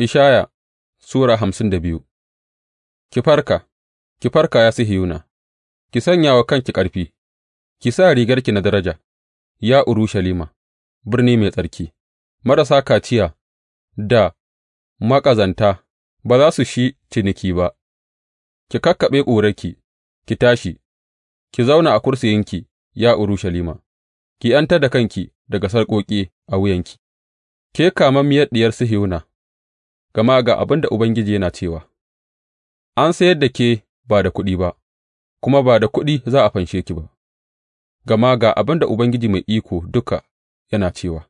Ishaya Sura hamsin da biyu Ki farka, ki farka, ya Sihiyuna, ki sanya wa kanki ƙarfi, ki sa rigarki na daraja, ya Urushalima, birni mai tsarki, marasa kaciya da maƙazanta ba za su shi ciniki ba, ki kakkaɓe ƙurarki, ki tashi, ki zauna a kursiyinki, ya Urushalima, ki ’yantar da kanki daga sarƙoƙi a wuyanki, ke kamammiyar Diyar Sihiyuna. gama ga abin da Ubangiji yana cewa, An sayar da ke ba da kuɗi ba, kuma ba da kuɗi za a fanshe ki ba, gama ga abin da Ubangiji Mai Iko Duka yana cewa,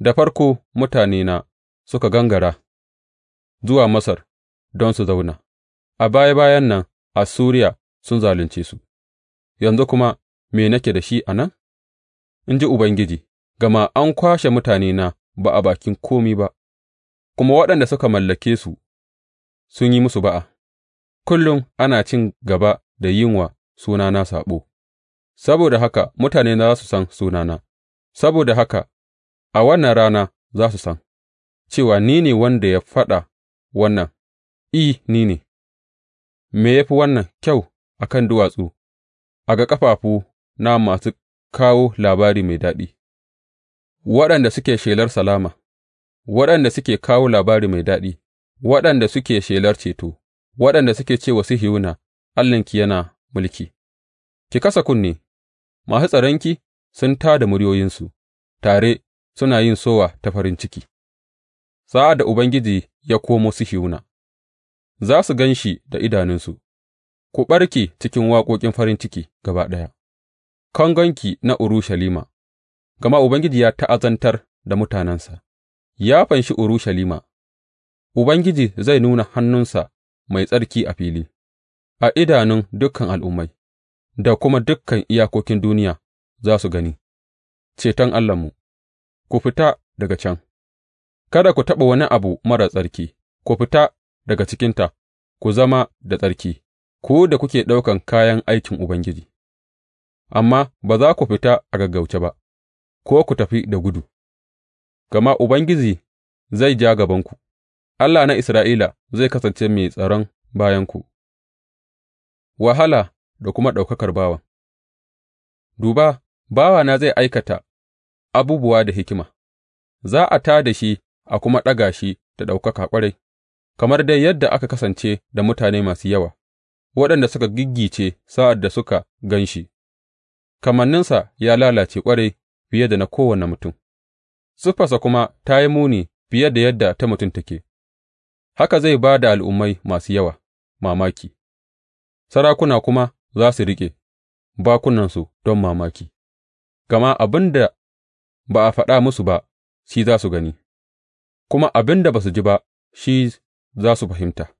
Da farko mutanena suka gangara zuwa Masar don su zauna, a baya bayan nan Assuriya sun zalunce su, yanzu kuma me nake da shi a nan? in ji Ubangiji, gama an kwashe mutanena ba a bakin komi ba. kuma waɗanda suka mallake su sun yi musu ba'a, kullum ana cin gaba da yin wa sunana saɓo, saboda haka mutane za su san sunana, saboda haka a wannan rana za su san cewa ni ne wanda ya faɗa wannan, I, ni ne, me ya fi wannan kyau a kan duwatsu, a ga ƙafafu na masu kawo labari mai daɗi, waɗanda suke shelar salama. waɗanda suke kawo labari mai daɗi, waɗanda suke shelar ceto, waɗanda suke ce wa Sihiyona, Allahnki yana mulki. Ki kasa kunne, masu tsaronki sun tā da muryoyinsu, tare suna yin sowa ta farin ciki. Sa'ad da Ubangiji ya komo Sihiyona, za su gan shi da idanunsu, ku ɓarke cikin waƙoƙin farin ciki gaba ɗaya, kangonki na Urushalima, gama Ubangiji ya ta'azantar da mutanensa. ya fanshi Urushalima Ubangiji zai nuna hannunsa mai tsarki a fili a idanun dukan al'ummai, da kuma dukan iyakokin duniya za su gani ceton Allahnmu, ku fita daga can, kada ku taɓa wani abu marar tsarki, ku fita daga cikinta ku zama da tsarki, ku da kuke ɗaukan kayan aikin Ubangiji, amma ba za ku fita a gaggauce ba, ko ku tafi da gudu. gama Ubangiji zai ja gabanku, Allah na Isra'ila zai kasance mai tsaron bayanku. Wahala da kuma ɗaukakar bawan Duba, bawana zai aikata abubuwa da hikima, za a tā da shi a kuma ɗaga shi da ɗaukaka ƙwarai, kamar dai yadda aka kasance da mutane masu yawa, waɗanda suka giggice sa'ad da suka gan shi, kamanninsa ya lalace ƙwarai fiye da na kowane mutum. siffarsa kuma ta yi muni fiye da yadda ta mutum take, haka zai ba da al'ummai masu yawa mamaki, sarakuna kuma za su riƙe bakunansu don mamaki, gama abin da ba a faɗa musu ba shi za su gani, kuma abin da ba su ji ba shi za su fahimta.